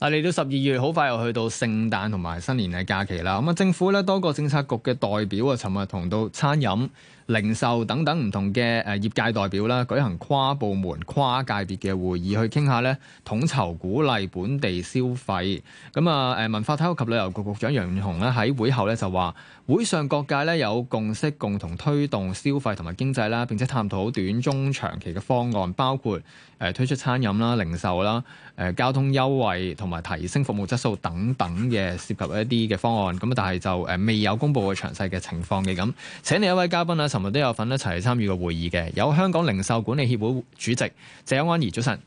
啊！嚟到十二月，好快又去到聖誕同埋新年嘅假期啦。咁啊，政府咧多個政策局嘅代表啊，尋日同到餐飲、零售等等唔同嘅誒業界代表啦，舉行跨部門跨界別嘅會議去傾下咧，統籌鼓勵本地消費，咁啊誒文化體育及旅遊局局長楊潤雄咧喺會後咧就話會上各界咧有共識共同推動消費同埋經濟啦，並且探討短中長期嘅方案，包括誒推出餐飲啦、零售啦、誒交通優惠同埋提升服務質素等等嘅涉及一啲嘅方案。咁但係就誒未有公布嘅詳細嘅情況嘅咁。請嚟一位嘉賓啦，我哋都有份一齊參與個會議嘅，有香港零售管理協會主席謝邱安儀，早晨，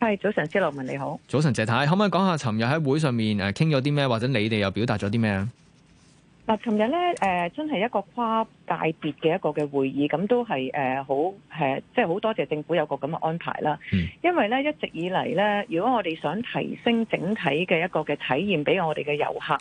係早晨，司徒文你好，早晨謝太、太，可唔可以講下尋日喺會上面誒傾咗啲咩，或者你哋又表達咗啲咩啊？嗱，尋日咧誒，真係一個跨界別嘅一個嘅會議，咁都係誒好誒，即係好多謝政府有個咁嘅安排啦、嗯。因為咧一直以嚟咧，如果我哋想提升整體嘅一個嘅體驗俾我哋嘅遊客。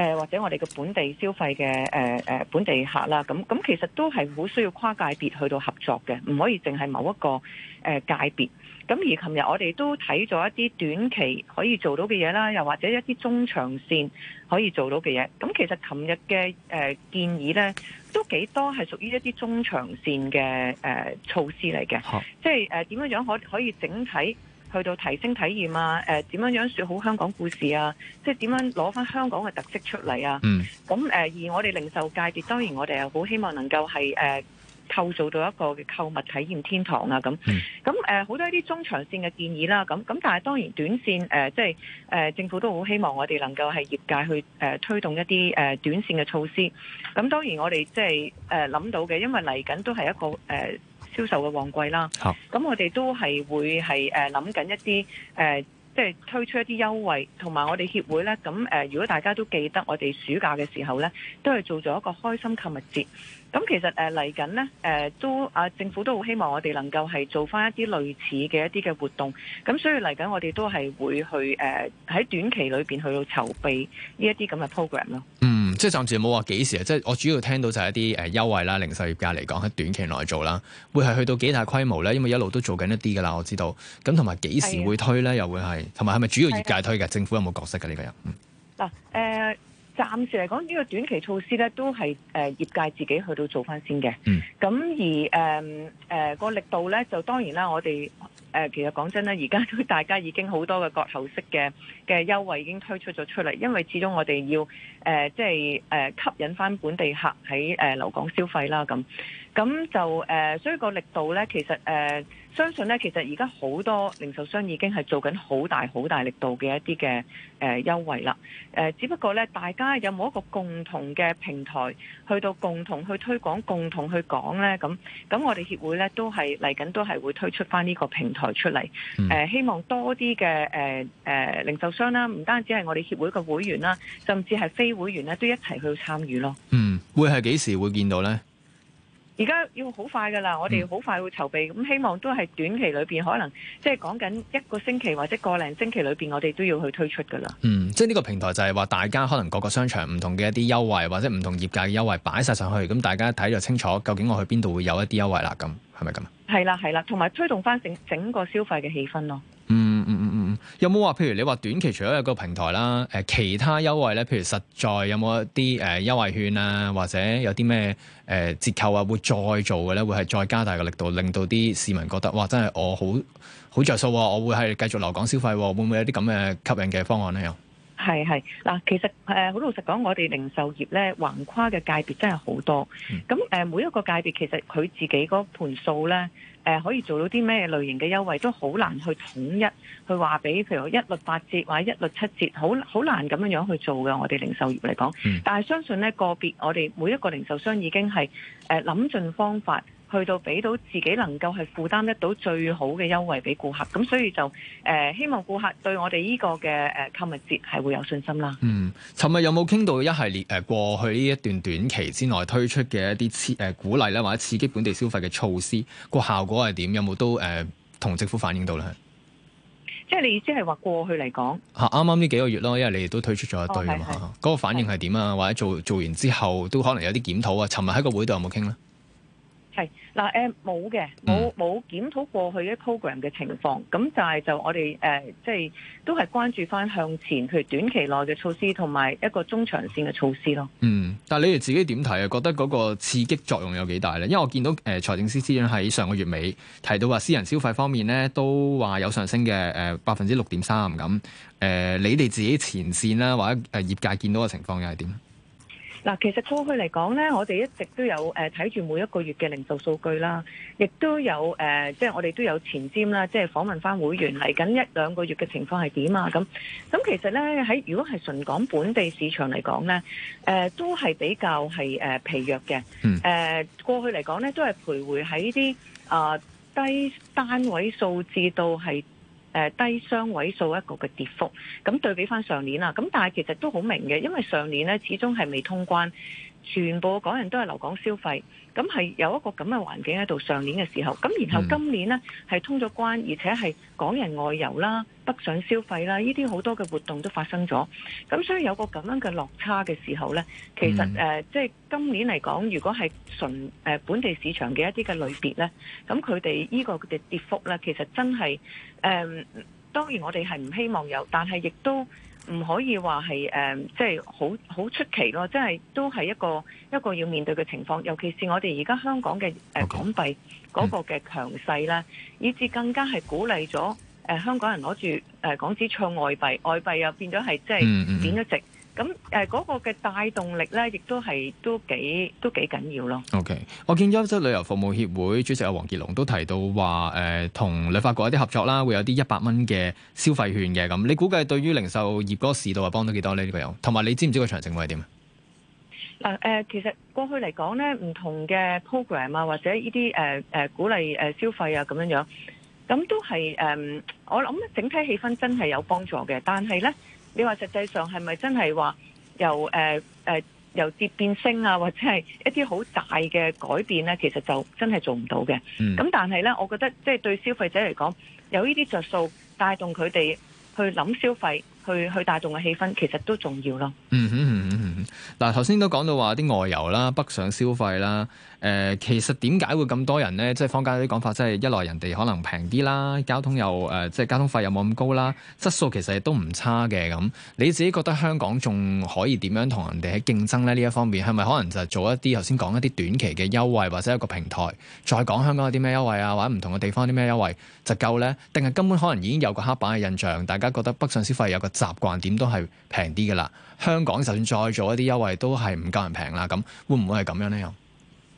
誒或者我哋嘅本地消費嘅誒誒本地客啦，咁咁其實都係好需要跨界別去到合作嘅，唔可以淨係某一個誒、呃、界別。咁而琴日我哋都睇咗一啲短期可以做到嘅嘢啦，又或者一啲中長線可以做到嘅嘢。咁其實琴日嘅誒建議呢，都幾多係屬於一啲中長線嘅誒、呃、措施嚟嘅，即係誒點樣樣可以可以整體，去到提升體驗啊，誒、呃、點樣樣説好香港故事啊，即係點樣攞返香港嘅特色出嚟啊？咁、嗯、誒、呃，而我哋零售界別當然我哋又好希望能夠係誒構造到一個嘅購物體驗天堂啊，咁咁誒好多一啲中長線嘅建議啦，咁咁但係當然短線誒即係誒政府都好希望我哋能夠係業界去、呃、推動一啲、呃、短線嘅措施，咁、呃、當然我哋即係誒諗到嘅，因為嚟緊都係一個誒。呃銷售嘅旺季啦，咁我哋都係會係誒諗緊一啲誒，即係推出一啲優惠，同埋我哋協會呢，咁誒如果大家都記得我哋暑假嘅時候呢，都係做咗一個開心購物節。咁其實誒嚟緊呢，誒都啊政府都好希望我哋能夠係做翻一啲類似嘅一啲嘅活動。咁所以嚟緊我哋都係會去誒喺短期裏邊去到籌備呢一啲咁嘅 program 咯。即係暫時冇話幾時啊。即係我主要聽到就係一啲誒優惠啦，零售業界嚟講喺短期內做啦，會係去到幾大規模咧？因為一路都做緊一啲噶啦，我知道。咁同埋幾時會推咧？又會係同埋係咪主要業界推嘅？政府有冇角色嘅呢個人？嗱、呃、誒，暫時嚟講呢個短期措施咧，都係誒業界自己去到做返先嘅。咁、嗯、而誒誒、呃呃，那個力度咧，就當然啦，我哋。誒、呃，其實講真咧，而家都大家已經好多嘅割喉式嘅嘅優惠已經推出咗出嚟，因為始終我哋要誒，即係誒吸引返本地客喺誒、呃、留港消費啦，咁咁就誒、呃，所以個力度咧，其實誒。呃。相信呢，其實而家好多零售商已經係做緊好大好大力度嘅一啲嘅誒優惠啦。誒，只不過呢，大家有冇一個共同嘅平台去到共同去推廣、共同去講呢？咁咁，我哋協會呢，都係嚟緊，都係會推出返呢個平台出嚟。呃，希望多啲嘅誒零售商啦，唔單止係我哋協會嘅會員啦，甚至係非會員呢，都一齊去參與咯。嗯，會係幾時會見到呢？而家要好快噶啦，我哋好快會籌備，咁、嗯、希望都係短期裏邊，可能即係講緊一個星期或者個零星期裏邊，我哋都要去推出噶啦。嗯，即係呢個平台就係話，大家可能各個商場唔同嘅一啲優惠，或者唔同業界嘅優惠擺晒上去，咁大家睇就清楚，究竟我去邊度會有一啲優惠啦。咁係咪咁啊？係啦係啦，同埋推動翻整整個消費嘅氣氛咯。有冇話譬如你話短期除咗有一個平台啦，誒其他優惠咧，譬如實在有冇一啲誒優惠券啊，或者有啲咩誒折扣啊，會再做嘅咧，會係再加大個力度，令到啲市民覺得哇，真係我好好著數，啊，我會係繼續留港消費，啊，會唔會有啲咁嘅吸引嘅方案咧？有？係係嗱，其實誒好老實講，我哋零售業咧橫跨嘅界別真係好多，咁誒每一個界別其實佢自己嗰盤數咧誒、呃、可以做到啲咩類型嘅優惠，都好難去統一去話俾，譬如一律八折或者一律七折，好好難咁樣樣去做嘅。我哋零售業嚟講，但係相信咧個別我哋每一個零售商已經係誒諗盡方法。去到俾到自己能夠係負擔得到最好嘅優惠俾顧客，咁所以就、呃、希望顧客對我哋呢個嘅誒購物節係會有信心啦。嗯，尋日有冇傾到一系列誒過去呢一段短期之內推出嘅一啲刺、呃、鼓勵咧，或者刺激本地消費嘅措施，個效果係點？有冇都、呃、同政府反映到咧？即係你意思係話過去嚟講嚇，啱啱呢幾個月咯，因為你哋都推出咗一堆啊嘛，嗰、哦嗰個反應係點啊？或者做做完之後都可能有啲檢討啊？尋日喺個會度有冇傾咧？嗱誒冇嘅，冇冇檢討過去嘅 program 嘅情況，咁但係就我哋誒，即係都係關注翻向前，譬如短期內嘅措施同埋一個中長線嘅措施咯。嗯，但係你哋自己點睇啊？覺得嗰個刺激作用有幾大咧？因為我見到誒財政司司長喺上個月尾提到話，私人消費方面咧都話有上升嘅誒百分之六點三咁。誒，你哋自己前線啦，或者誒業界見到嘅情況又係點？嗱，其實過去嚟講咧，我哋一直都有誒睇住每一個月嘅零售數據啦，亦都有誒、呃，即係我哋都有前瞻啦，即係訪問翻會員嚟緊一兩個月嘅情況係點啊，咁。咁其實咧喺如果係純講本地市場嚟講咧，誒、呃、都係比較係誒疲弱嘅。誒、嗯、過去嚟講咧都係徘徊喺啲啊低單位數字度係。誒低雙位數一個嘅跌幅，咁對比返上年啦，咁但係其實都好明嘅，因為上年呢始終係未通關。全部港人都係留港消費，咁係有一個咁嘅環境喺度，上年嘅時候，咁然後今年呢係、mm. 通咗關，而且係港人外遊啦、北上消費啦，呢啲好多嘅活動都發生咗。咁所以有個咁樣嘅落差嘅時候呢，其實誒，即、mm. 係、呃就係、今年嚟講，如果係純誒本地市場嘅一啲嘅類別呢，咁佢哋呢個嘅跌幅呢，其實真係誒、呃，當然我哋係唔希望有，但係亦都。唔可以話係誒，即係好好出奇咯！即係都係一個一個要面對嘅情況，尤其是我哋而家香港嘅、呃、港幣嗰個嘅強勢咧，okay. 以至更加係鼓勵咗、呃、香港人攞住、呃、港紙唱外幣，外幣又變咗係即係貶咗值。Mm -hmm. 咁誒嗰個嘅帶動力咧，亦都係都幾都幾緊要咯。OK，我見優質旅遊服務協會主席阿黃傑龍都提到話誒，同旅發局一啲合作啦，會有啲一百蚊嘅消費券嘅咁。你估計對於零售業嗰個市道啊，幫到幾多咧？呢個有同埋你知唔知個詳情會係點啊？誒誒，其實過去嚟講咧，唔同嘅 program 啊，或者呢啲誒誒鼓勵誒消費啊咁樣樣，咁都係誒，我諗咧整體氣氛真係有幫助嘅，但係咧。你話實際上係咪真係話由誒誒、呃呃、由跌變升啊，或者係一啲好大嘅改變咧，啊？其實就真係做唔到嘅。咁、嗯、但係咧，我覺得即係、就是、對消費者嚟講，有呢啲着數帶動佢哋去諗消費。去去大眾嘅氣氛其實都重要咯。嗯嗯嗯，嗱，頭先都講到話啲外遊啦、北上消費啦。誒、呃，其實點解會咁多人咧？即係坊間啲講法，即係一來人哋可能平啲啦，交通又誒即係交通費又冇咁高啦，質素其實亦都唔差嘅咁。你自己覺得香港仲可以點樣同人哋喺競爭咧？呢一方面係咪可能就做一啲頭先講一啲短期嘅優惠，或者一個平台，再講香港有啲咩優惠啊，或者唔同嘅地方有啲咩優惠就夠咧？定係根本可能已經有個刻板嘅印象，大家覺得北上消費有個。習慣點都係平啲嘅啦，香港就算再做一啲優惠都係唔夠人平啦。咁會唔會係咁樣呢？又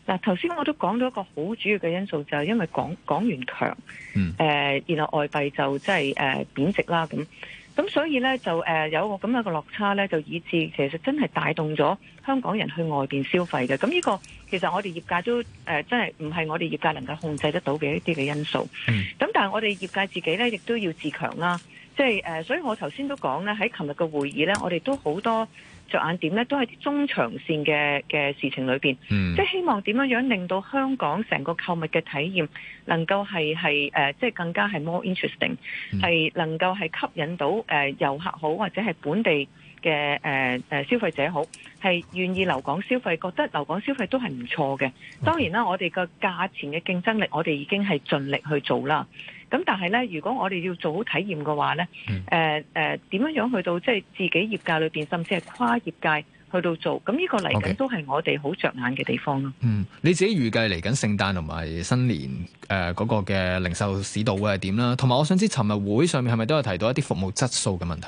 嗱，頭先我都講咗一個好主要嘅因素就係、是、因為港港元強，誒、嗯呃，然後外幣就即係誒貶值啦。咁咁所以咧就誒、呃、有一個咁樣嘅落差咧，就以致其實真係帶動咗香港人去外邊消費嘅。咁呢、這個其實我哋業界都誒、呃，真係唔係我哋業界能夠控制得到嘅一啲嘅因素。咁、嗯、但係我哋業界自己咧，亦都要自強啦。即係誒，所以我頭先都講咧，喺琴日嘅會議咧，我哋都好多着眼點咧，都係中長線嘅嘅事情裏邊，即、嗯、係、就是、希望點樣樣令到香港成個購物嘅體驗能夠係係誒，即係、呃就是、更加係 more interesting，係、嗯、能夠係吸引到誒遊、呃、客好或者係本地嘅誒誒消費者好，係願意留港消費，覺得留港消費都係唔錯嘅。當然啦，我哋個價錢嘅競爭力，我哋已經係盡力去做啦。咁但係咧，如果我哋要做好體驗嘅話咧，誒誒點樣樣去到即係自己業界裏邊，甚至係跨業界去到做，咁呢個嚟緊都係我哋好著眼嘅地方咯。嗯，你自己預計嚟緊聖誕同埋新年誒嗰個嘅零售市道會係點啦？同埋我想知，尋日會上面係咪都有提到一啲服務質素嘅問題？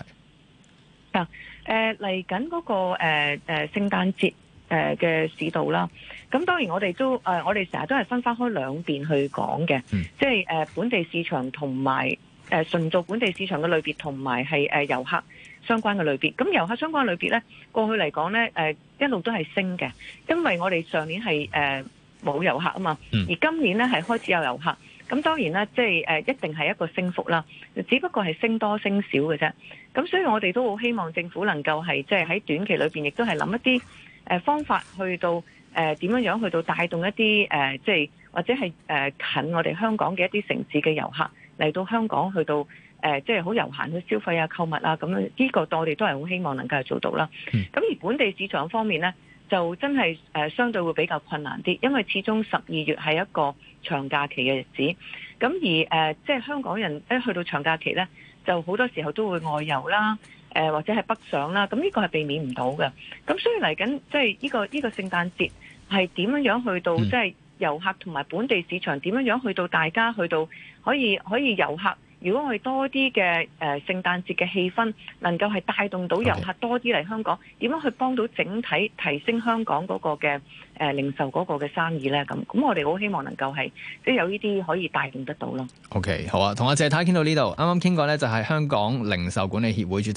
嗱，誒嚟緊嗰個誒誒聖誕節。誒嘅市道啦，咁當然我哋都誒、呃，我哋成日都係分返開兩邊去講嘅，即係誒本地市場同埋誒純做本地市場嘅類別，同埋係誒遊客相關嘅類別。咁遊客相關嘅類別咧，過去嚟講咧、呃、一路都係升嘅，因為我哋上年係誒冇遊客啊嘛、嗯，而今年咧係開始有遊客，咁當然啦，即係誒一定係一個升幅啦，只不過係升多升少嘅啫。咁所以我哋都好希望政府能夠係即係喺短期裏面亦都係諗一啲，誒方法去到誒點樣樣去到帶動一啲誒、呃、即係或者係誒、呃、近我哋香港嘅一啲城市嘅遊客嚟到香港去到誒、呃、即係好遊閒去消費啊購物啊咁樣，呢個我哋都係好希望能夠做到啦。咁、嗯、而本地市場方面呢，就真係誒相對會比較困難啲，因為始終十二月係一個長假期嘅日子。咁而誒、呃、即係香港人一去到長假期呢，就好多時候都會外遊啦。誒或者係北上啦，咁呢個係避免唔到嘅。咁所以嚟緊即係呢個呢、呢個聖誕節係點樣樣去到，即、嗯、係、即係、遊客同埋本地市場點樣樣去到，大家去到可以可以遊客，如果我哋多啲嘅誒聖誕節嘅氣氛，能夠係帶動到遊客多啲嚟香港，點、okay. 樣去幫到整體提升香港嗰個嘅誒、呃、零售嗰個嘅生意呢？咁咁我哋好希望能夠係即係有呢啲可以帶動得到咯。O、okay, K. 好啊，同阿謝太傾到呢度，啱啱傾過呢，就係香港零售管理協會主席。